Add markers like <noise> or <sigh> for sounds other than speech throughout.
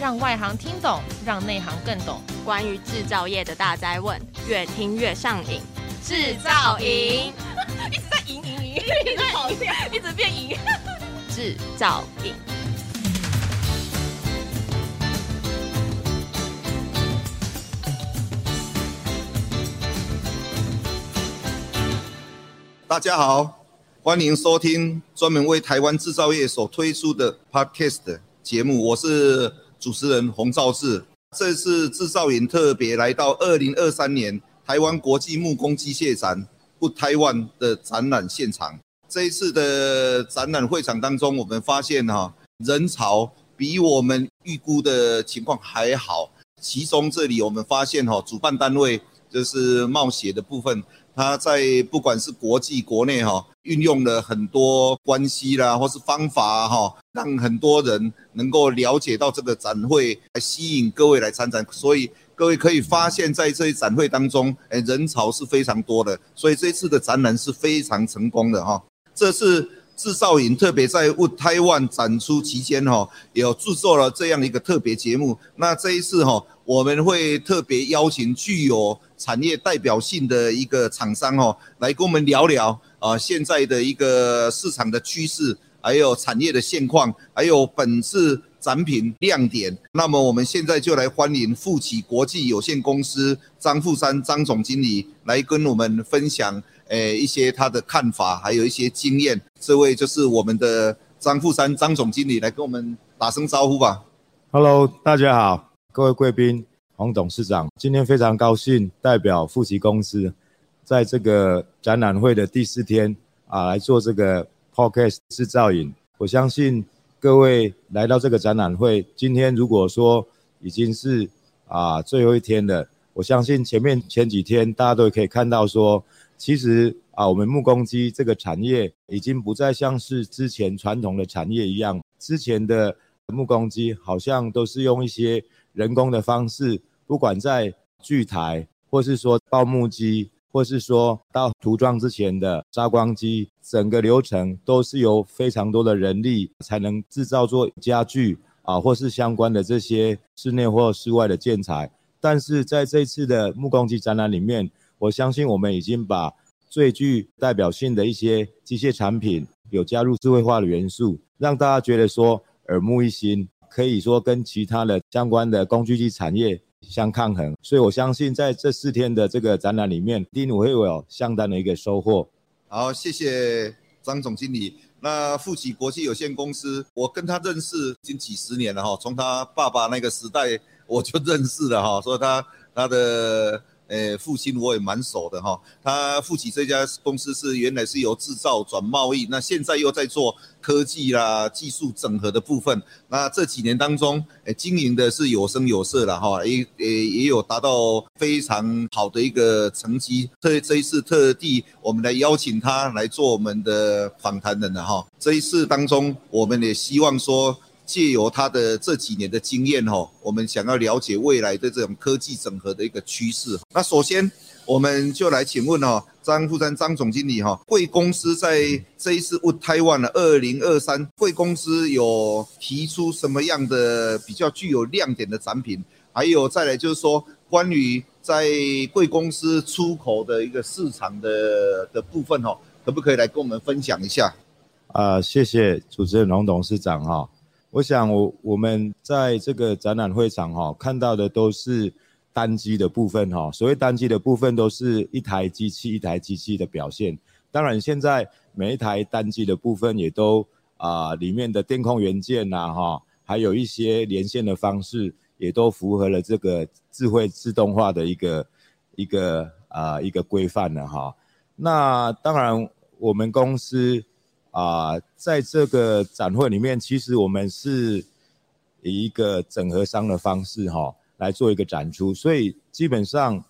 讓外行聽懂，讓內行更懂。關於製造業的大哉問，越聽越上癮。製造營一直在贏贏贏，一直在贏，一直，在一直變贏。製 <laughs> 造營營。大家好，歡迎收聽專門為台灣製造業所推出的 Podcast 節目。我是，主持人洪兆志，這次製造營特別來到二零二三年台灣國際木工機械展 Wood 台灣的展覽現場。這一次的展覽會場當中，我們發現哈、啊，人潮比我們預估的情況還好。其中這裡我們發現哈、啊，主辦單位就是貿協的部分。他在不管是國際國內哈，運用了很多關係啦，或是方法哈、啊，讓很多人能夠了解到這個展會，吸引各位來參展，所以各位可以發現，在這一展會當中、哎，人潮是非常多的，所以這次的展覽是非常成功的哈、啊，這是。製造影特別在木台灣展出期間哦，有制作了這樣一個特別節目。那這一次哦，我們會特別邀請具有產業代表性的一個廠商哦，來跟我們聊聊啊，現在的一個市場的趨勢，還有產業的現況，還有本次展品亮點。那麼我們現在就來歡迎富崎國際有限公司張富山張總經理來跟我們分享。誒、欸，一些他的看法，還有一些經驗。這位就是我們的張富山張總經理，來跟我們打聲招呼吧。Hello，大家好，各位貴賓、黃董事長，今天非常高興代表富崎公司，在這個展覽會的第四天啊，來做這個 podcast 製造影。我相信各位來到這個展覽會，今天如果說已經是啊最後一天了，我相信前面前幾天大家都可以看到說。其實啊，我們木工機這個產業已經不再像是之前傳統的產業一樣。之前的木工機好像都是用一些人工的方式，不管在鋸台，或是說刨木機，或是說到塗裝之前的砂光機，整個流程都是由非常多的人力才能製造做家具啊，或是相關的這些室內或室外的建材。但是在這次的木工機展覽裡面，我相信我們已經把最具代表性的一些機械產品有加入智慧化的元素，讓大家覺得說耳目一新，可以說跟其他的相關的工具機產業相抗衡。所以我相信在這四天的這個展覽裡面，定會有相當的一個收穫。好，謝謝張總經理。那富崎國際有限公司，我跟他認識已經幾十年了哈，從他爸爸那個時代我就認識了哈，所以他他的。誒，哎、富崎我也蠻熟的哈。他富崎這家公司是原來是由製造轉貿易，那現在又在做科技啦、技術整合的部分。那這幾年當中，誒，經營的是有聲有色了哈，也也也有達到非常好的一個成績。這這一次特地我們來邀請他來做我們的訪談人了哈。這一次當中，我們也希望說，借由他的這幾年的經驗哈，我們想要了解未來的這種科技整合的一個趨勢。那首先，我們就來請問哈，張富山張總經理哈，貴公司在這一次 WOOD TAIWAN 的二零二三，貴公司有提出什麼樣的比較具有亮點的產品？還有再來就是說，關於在貴公司出口的一個市場的的部分哈，可不可以來跟我們分享一下？啊，謝謝主持人龍董事長哈。我想，我我們在這個展覽會場哈，看到的都是單機的部分哈。所謂單機的部分，都是一台機器一台機器的表現。當然，現在每一台單機的部分也都啊，裡面的電控元件吶哈，還有一些連線的方式，也都符合了這個智慧自動化的一個一個啊一個規範了哈。那當然，我們公司。啊，呃、在這個展會裡面，其實我們是以一個整合商的方式哈、哦，來做一個展出，所以基本上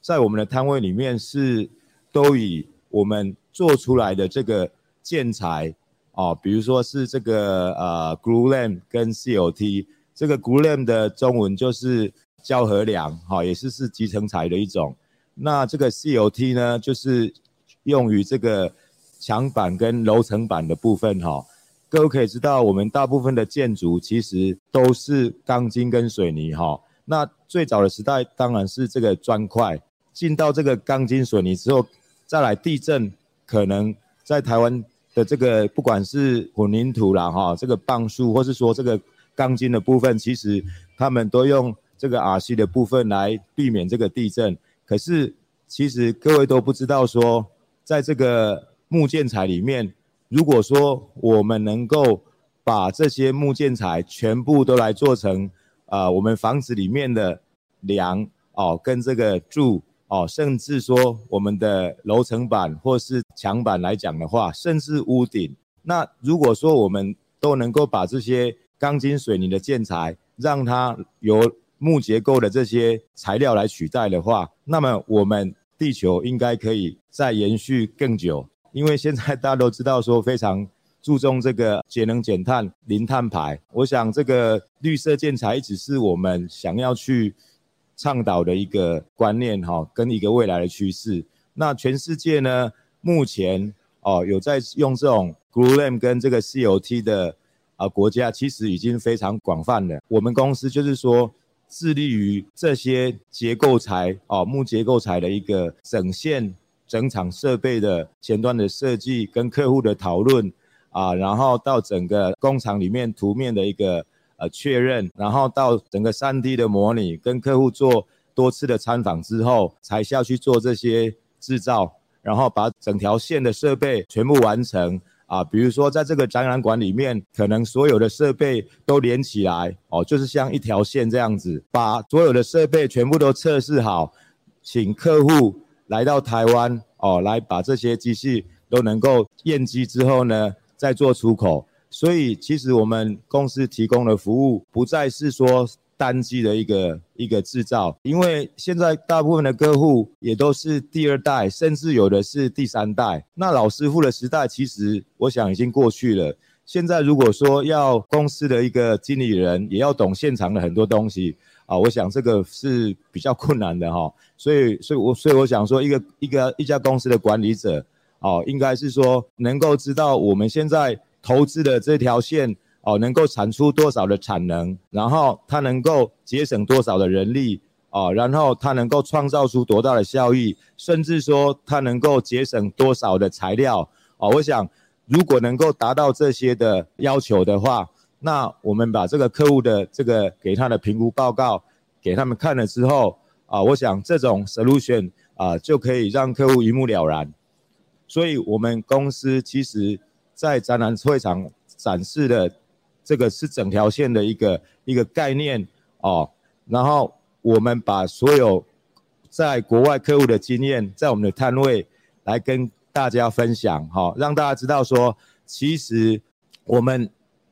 在我們的攤位裡面是都以我們做出來的這個建材啊、哦，比如說是這個呃、啊、，Glulam 跟 CLT，這個 Glulam 的中文就是膠合梁哈，也是是集成材的一種，那這個 CLT 呢，就是用於這個。牆板跟樓層板的部分哈，各位可以知道，我們大部分的建築其實都是鋼筋跟水泥哈。那最早的時代當然是這個磚塊，進到這個鋼筋水泥之後，再來地震，可能在台灣的這個不管是混凝土啦哈，這個棒束或是說這個鋼筋的部分，其實他們都用這個 RC 的部分來避免這個地震。可是其實各位都不知道說，在這個木建材裡面，如果說我們能夠把這些木建材全部都來做成啊、呃，我們房子裡面的樑哦，跟這個柱哦，甚至說我們的樓層板或是牆板來講的話，甚至屋頂，那如果說我們都能夠把這些鋼筋水泥的建材，讓它由木結構的這些材料來取代的話，那麼我們地球應該可以再延續更久。因為現在大家都知道說非常注重這個節能減碳、零碳排，我想這個綠色建材一直是我們想要去倡導的一個觀念哈、哦，跟一個未來的趨勢。那全世界呢，目前哦有在用這種 Glulam 跟這個 CLT 的啊國家，其實已經非常廣泛了。我們公司就是說致力於這些結構材、哦、木結構材的一個整線。整場設備的前端的設計跟客戶的討論啊，然後到整個工廠裡面圖面的一個呃確認，然後到整個 3D 的模擬，跟客戶做多次的參訪之後，才下去做這些製造，然後把整條線的設備全部完成啊。比如說在這個展覽館裡面，可能所有的設備都連起來哦，就是像一條線這樣子，把所有的設備全部都測試好，請客戶。來到台灣哦，來把這些機器都能夠驗機之後呢，再做出口。所以其實我們公司提供的服務不再是說單機的一個一個制造，因為現在大部分的客戶也都是第二代，甚至有的是第三代。那老師傅的時代其實我想已經過去了。現在如果說要公司的一個經理人也要懂現場的很多東西。啊、哦，我想這個是比較困難的哈、哦，所以，所以我，我所以我想說一，一個一個一家公司的管理者，哦，應該是說能夠知道我們現在投資的這條線，哦，能夠產出多少的產能，然後它能夠節省多少的人力，哦，然後它能夠創造出多大的效益，甚至說它能夠節省多少的材料，哦，我想如果能夠達到這些的要求的話。那我們把這個客戶的這個給他的評估報告給他們看了之後啊，我想這種 solution 啊就可以讓客戶一目了然。所以我們公司其實，在展覽會場展示的這個是整條線的一個一個概念哦、啊。然後我們把所有在國外客戶的經驗，在我們的攤位來跟大家分享哈、啊，讓大家知道說，其實我們。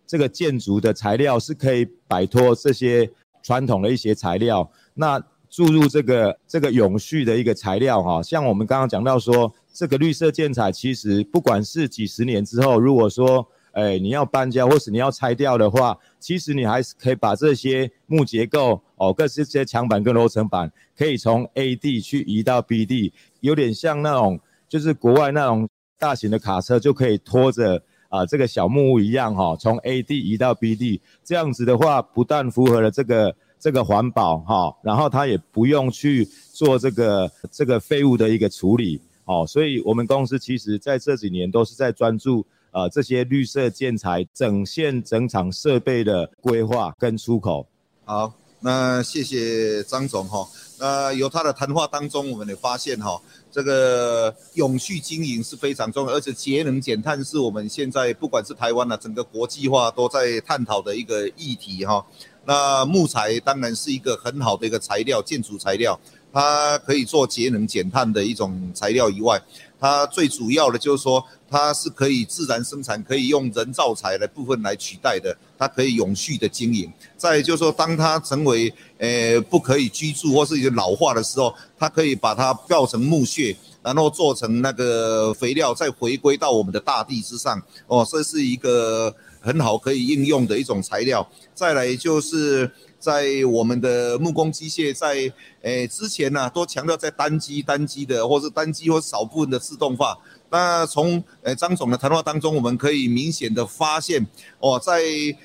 這個建築的材料是可以擺脫這些傳統的一些材料，那注入這個這個永續的一個材料哈、啊，像我們剛剛講到說，這個綠色建材其實不管是幾十年之後，如果說誒、欸，你要搬家或是你要拆掉的話，其實你還是可以把這些木結構哦，各式這些牆板跟樓層板可以從 A 地去移到 B 地，有點像那種就是國外那種大型的卡車就可以拖着，啊，這個小木屋一樣哈、哦，從 A 地移到 B 地，這樣子的話，不但符合了這個這個環保哈、哦，然後它也不用去做這個這個廢物的一個處理哦，所以我們公司其實在這幾年都是在專注啊、呃、這些綠色建材整線整廠設備的規劃跟出口。好，那謝謝張總哈、哦，那由他的談話當中，我們也發現哈。哦這個永續經營是非常重要，而且節能減碳是我們現在不管是台灣啊，整個國際化都在探討的一個議題哈。那木材當然是一個很好的一個材料，建築材料，它可以做節能減碳的一種材料以外，它最主要的就是說。它是可以自然生產，可以用人造材的部分來取代的，它可以永續的經營。再來就是說，當它成為呃不可以居住或是一個老化的時候，它可以把它造成木屑，然後做成那個肥料，再回歸到我們的大地之上。哦，這是一個很好可以應用的一種材料。再來就是在我們的木工機械，在誒、呃、之前呢、啊，都強調在單機、單機的，或是單機或是少部分的自動化。那從呃張總的談話當中，我們可以明顯的發現，哦，在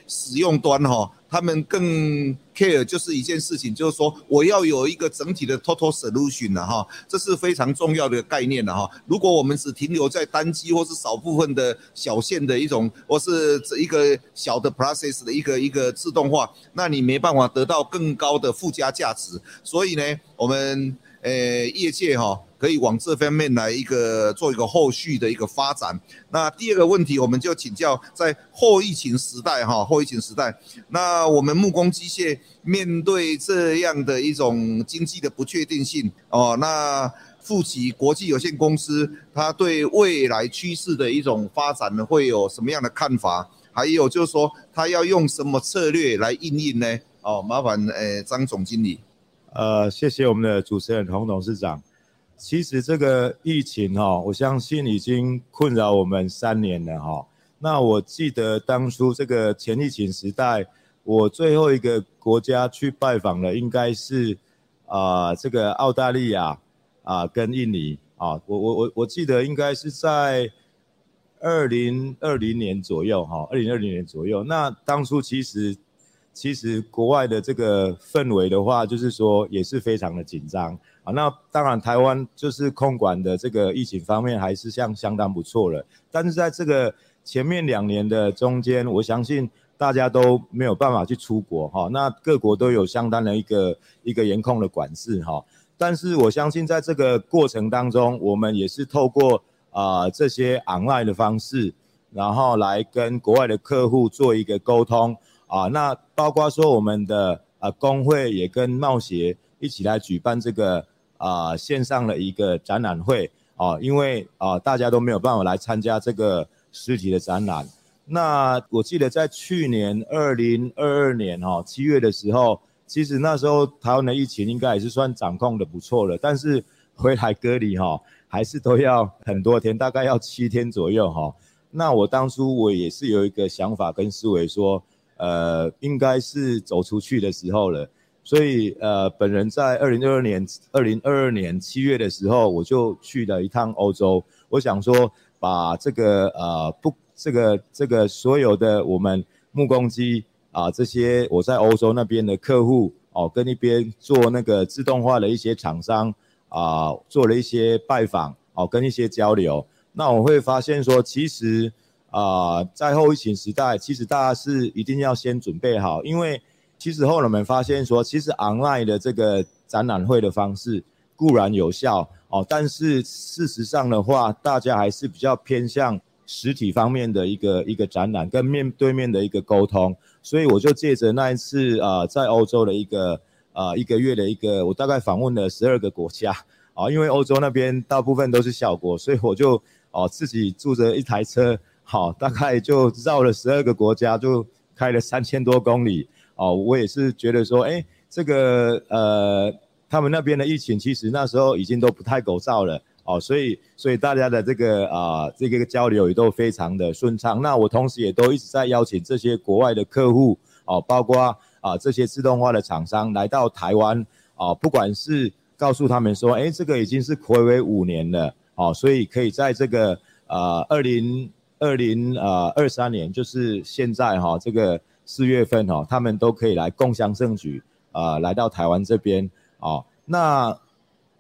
使用端哈，他們更 care 就是一件事情，就是說我要有一個整體的 total solution 的哈，這是非常重要的概念的哈。如果我們只停留在單機或是少部分的小線的一種，或是一個小的 process 的一個一個自動化，那你沒辦法得到更高的附加價值。所以呢，我們呃業界哈。可以往這方面來一個做一個後續的一個發展。那第二個問題，我們就請教在後疫情時代哈，後疫情時代，那我們木工機械面對這樣的一種經濟的不確定性哦，那富崎國際有限公司它對未來趨勢的一種發展呢，會有什麼樣的看法？還有就是說，它要用什麼策略來應應呢？哦，麻煩誒，張總經理。呃，謝謝我們的主持人洪董事長。其實這個疫情哈、哦，我相信已經困擾我們三年了哈、哦。那我記得當初這個前疫情時代，我最後一個國家去拜訪的應該是啊、呃、這個澳大利亞啊、呃、跟印尼啊，我我我我記得應該是在二零二零年左右哈，二零二零年左右。那當初其實。其實國外的這個氛圍的話，就是說也是非常的緊張啊。那當然台灣就是控管的這個疫情方面還是相相當不錯的。但是在這個前面兩年的中間，我相信大家都沒有辦法去出國哈。那各國都有相當的一個一個嚴控的管制哈。但是我相信在這個過程當中，我們也是透過啊、呃、這些 online 的方式，然後來跟國外的客戶做一個溝通。啊，那包括說我們的啊、呃、工會也跟貿協一起來舉辦這個啊、呃、線上的一個展覽會啊，因為啊大家都沒有辦法來參加這個實體的展覽。那我記得在去年二零二二年哈七、哦、月的時候，其實那時候台灣的疫情應該也是算掌控得不錯了，但是回來隔離哈、哦、還是都要很多天，大概要七天左右哈、哦。那我當初我也是有一個想法跟思維說。呃，應該是走出去的時候了，所以呃，本人在二零二二年二零二二年七月的時候，我就去了一趟歐洲。我想說，把這個呃不，這個這個所有的我們木工機啊、呃，這些我在歐洲那邊的客戶哦、呃，跟那邊做那個自動化的一些廠商啊、呃，做了一些拜訪哦、呃，跟一些交流。那我會發現說，其實。啊、呃，在後疫情時代，其實大家是一定要先準備好，因為其實後來我們發現說，其實 online 的這個展覽會的方式固然有效哦、呃，但是事實上的話，大家還是比較偏向實體方面的一個一個展覽，跟面對面的一個溝通。所以我就借着那一次啊、呃，在歐洲的一個啊、呃、一個月的一個，我大概訪問了十二個國家啊、呃，因為歐洲那邊大部分都是小國，所以我就哦、呃、自己住着一台車。好，大概就繞了十二個國家，就開了三千多公里。哦，我也是覺得說，誒，這個呃，他們那邊的疫情其實那時候已經都不太狗躁了。哦，所以所以大家的這個啊、呃，這個交流也都非常的順暢。那我同時也都一直在邀請這些國外的客戶，哦，包括啊、呃、這些自動化的廠商來到台灣，哦，不管是告訴他們說，誒，這個已經是睽違五年了。哦，所以可以在這個呃二零。二零啊二三年，就是現在哈，這個四月份哈，他們都可以來共享盛舉啊，來到台灣這邊啊。那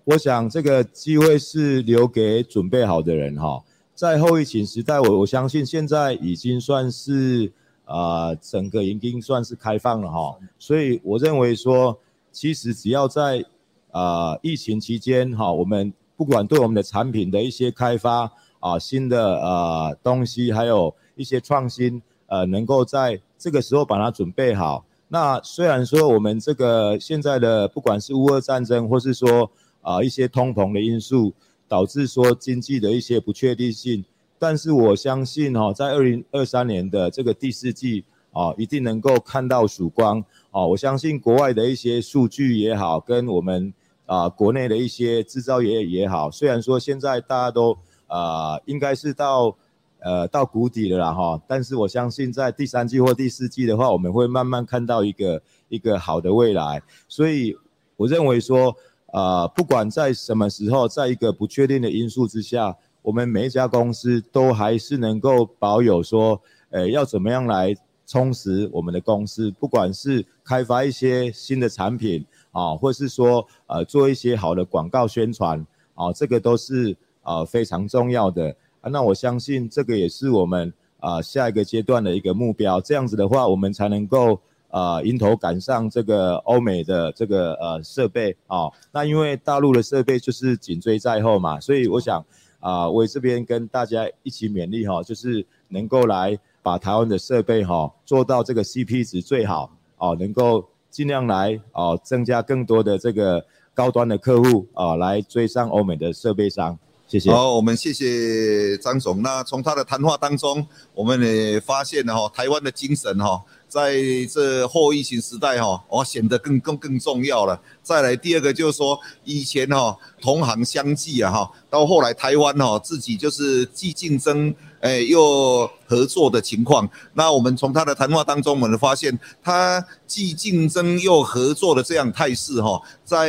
我想這個機會是留給準備好的人哈。在後疫情時代，我我相信現在已經算是啊，整個已經算是開放了哈。所以我認為說，其實只要在啊疫情期間哈，我們不管對我們的產品的一些開發。啊，新的呃東西，還有一些創新，呃，能夠在這個時候把它準備好。那雖然說我們這個現在的不管是烏俄戰爭，或是說啊、呃、一些通膨的因素，導致說經濟的一些不確定性，但是我相信哈、呃，在二零二三年的這個第四季啊、呃，一定能夠看到曙光啊、呃！我相信國外的一些數據也好，跟我們啊、呃、國內的一些制造業也好，雖然說現在大家都。啊、呃，應該是到，呃，到谷底了啦，哈。但是我相信，在第三季或第四季的話，我們會慢慢看到一個一個好的未來。所以，我認為說，啊、呃，不管在什麼時候，在一個不確定的因素之下，我們每一家公司都還是能夠保有說，呃，要怎麼樣來充實我們的公司，不管是開發一些新的產品啊，或是說，呃，做一些好的廣告宣傳啊，這個都是。啊、呃，非常重要的啊！那我相信這個也是我們啊、呃、下一個階段的一個目標這樣子的話，我們才能夠啊迎頭趕上這個歐美的這個呃設備啊、呃。那因為大陸的設備就是緊追在後嘛，所以我想啊、呃，我這邊跟大家一起勉勵哈、呃，就是能夠來把台灣的設備哈、呃、做到這個 CP 值最好啊、呃，能夠盡量來啊、呃、增加更多的這個高端的客戶啊、呃，來追上歐美的設備商。謝謝。好，我們謝謝張總。那從他的談話當中，我們也發現了哈，台灣的精神哈。在這後疫情時代哈，我顯得更更更重要了。再來第二個就是說，以前哈、喔、同行相忌啊哈，到後來台灣哈自己就是既競爭誒又合作的情況。那我們從他的談話當中，我們發現他既競爭又合作的這樣態勢哈，在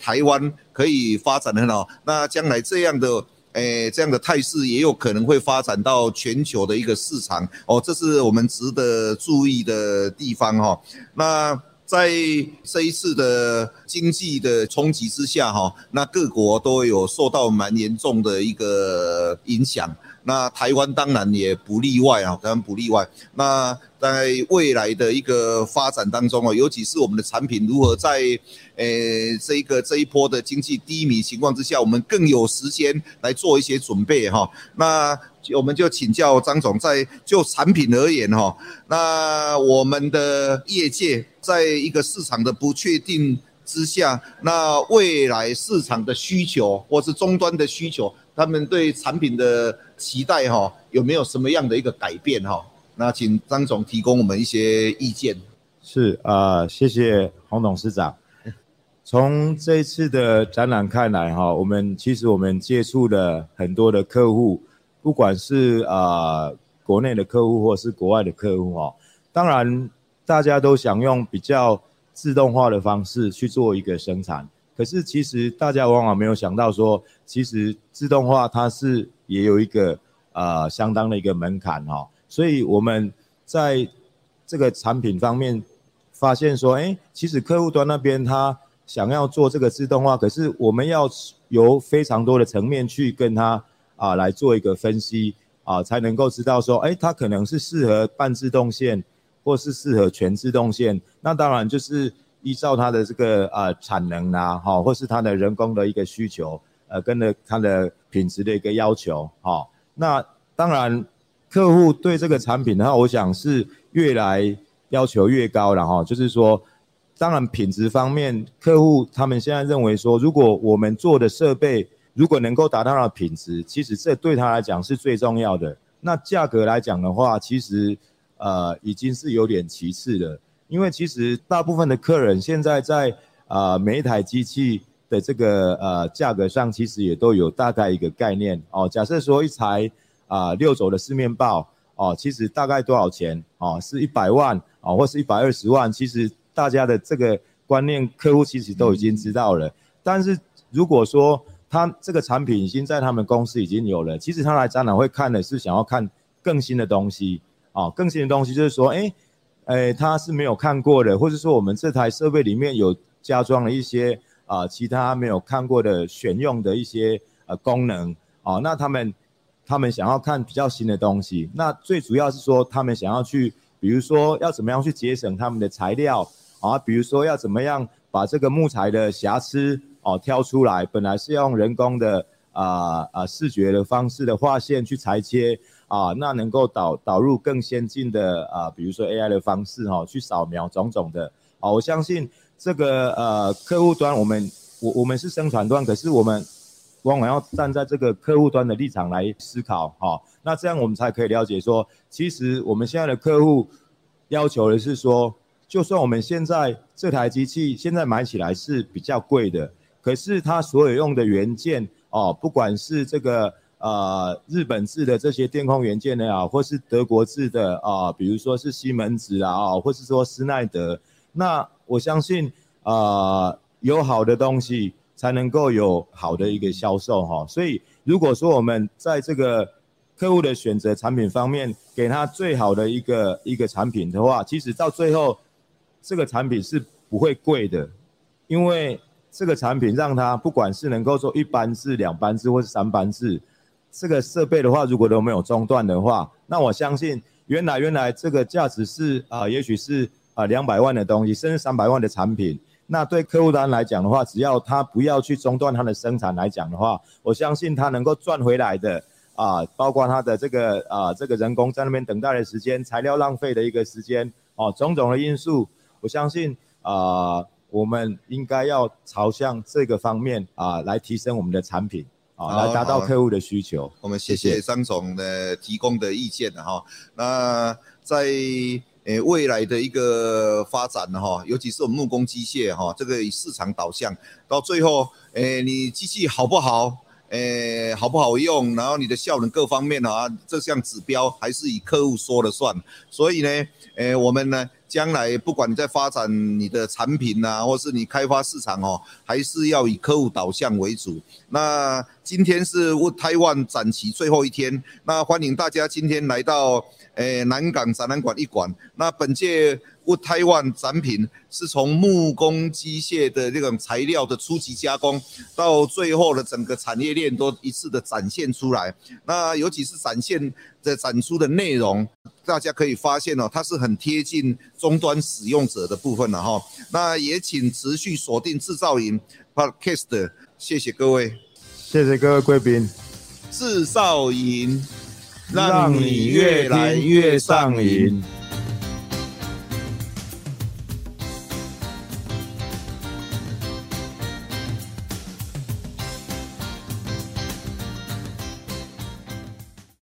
台灣可以發展很好。那將來這樣的。誒，欸、這樣的態勢也有可能會發展到全球的一個市場哦，這是我們值得注意的地方哈、哦。那在這一次的經濟的衝擊之下哈、哦，那各國都有受到蠻嚴重的一個影響。那台灣當然也不例外啊，當然不例外。那在未來的一個發展當中啊，尤其是我們的產品如何在，誒，這一個這一波的經濟低迷情況之下，我們更有時間來做一些準備哈、啊。那我們就請教張總，在就產品而言哈、啊，那我們的業界在一個市場的不確定之下，那未來市場的需求或是終端的需求，他們對產品的。期待哈、喔，有沒有什麼樣的一個改變哈、喔？那請張總提供我們一些意見。是啊、呃，謝謝洪董事長。從這一次的展覽看來哈、喔，我們其實我們接觸了很多的客戶，不管是啊、呃、國內的客戶或是國外的客戶哈，當然大家都想用比較自動化的方式去做一個生產，可是其實大家往往沒有想到說，其實自動化它是。也有一個呃相當的一個門檻哈、哦，所以我們在這個產品方面發現說，誒，其實客戶端那邊他想要做這個自動化，可是我們要由非常多的層面去跟他啊、呃、來做一個分析啊、呃，才能夠知道說，誒，他可能是適合半自動線，或是適合全自動線。那當然就是依照他的這個啊、呃、產能啊，哈、哦，或是他的人工的一個需求。呃，跟着他的品質的一個要求哈、哦，那當然，客戶對這個產品的話，我想是越來要求越高了哈、哦。就是說，當然品質方面，客戶他們現在認為說，如果我們做的設備如果能夠達到它的品質，其實這對他來講是最重要的。那價格來講的話，其實呃已經是有點其次了，因為其實大部分的客人現在在呃每一台機器。的這個呃價格上其實也都有大概一個概念哦。假設說一台啊、呃、六軸的四面鉋哦，其實大概多少錢哦，是一百萬哦，或是一百二十萬。其實大家的這個觀念，客戶其實都已經知道了。嗯、但是如果說他這個產品已經在他們公司已經有了，其實他來展覽會看的是想要看更新的東西哦。更新的東西就是說，誒、欸，誒、欸，他是沒有看過的，或者說我們這台設備裡面有加裝了一些。啊，其他沒有看過的選用的一些呃功能啊，那他們他們想要看比較新的東西，那最主要是說他們想要去，比如說要怎麼樣去節省他們的材料啊，比如說要怎麼樣把這個木材的瑕疵哦、啊、挑出來，本來是用人工的啊啊視覺的方式的畫線去裁切啊，那能夠導導入更先進的啊，比如說 AI 的方式哈、啊、去掃描種種的，好，我相信。這個呃，客戶端，我們我我們是生產端，可是我們往往要站在這個客戶端的立場來思考，哈、哦，那這樣我們才可以了解說，其實我們現在的客戶要求的是說，就算我們現在這台機器現在買起來是比較貴的，可是它所有用的元件，哦，不管是這個呃日本製的這些電控元件呢，啊、或是德國製的啊，比如說是西門子啊，啊，或是說施耐德那。我相信，啊、呃，有好的東西才能夠有好的一個銷售哈。嗯、所以，如果說我們在這個客戶的選擇產品方面，給他最好的一個一個產品的話，其實到最後，這個產品是不會貴的，因為這個產品讓他不管是能夠做一班制、兩班制或者三班制，這個設備的話如果都沒有中斷的話，那我相信原來原來這個價值是啊、呃，也許是。啊，兩百萬的東西，甚至三百萬的產品，那對客戶端來講的話，只要他不要去中斷他的生產來講的話，我相信他能夠賺回來的啊，包括他的這個啊這個人工在那邊等待的時間、材料浪費的一個時間哦、啊，種種的因素，我相信啊，我們應該要朝向這個方面啊來提升我們的產品啊，好好來達到客戶的需求。我們謝謝張總的提供的意見哈。謝謝那在。誒，未來的一個發展呢，哈，尤其是我們木工機械哈，這個以市場導向，到最後，欸，你機器好不好，欸，好不好用，然後你的效能各方面啊，這項指標還是以客戶說了算。所以呢，欸，我們呢，將來不管你在發展你的產品吶、啊，或是你開發市場哦、啊，還是要以客戶導向為主。那今天是台灣展期最後一天，那歡迎大家今天來到，誒，南港展覽館一館，那本屆 w 台灣展品是從木工機械的這種材料的初級加工，到最後的整個產業鏈都一次的展現出來。那尤其是展現的展出的內容，大家可以發現哦，它是很貼近終端使用者的部分了哈。那也請持續鎖定製造營 p a r k e s t 謝謝各位，謝謝各位貴賓，製造營。讓你越來越上癮。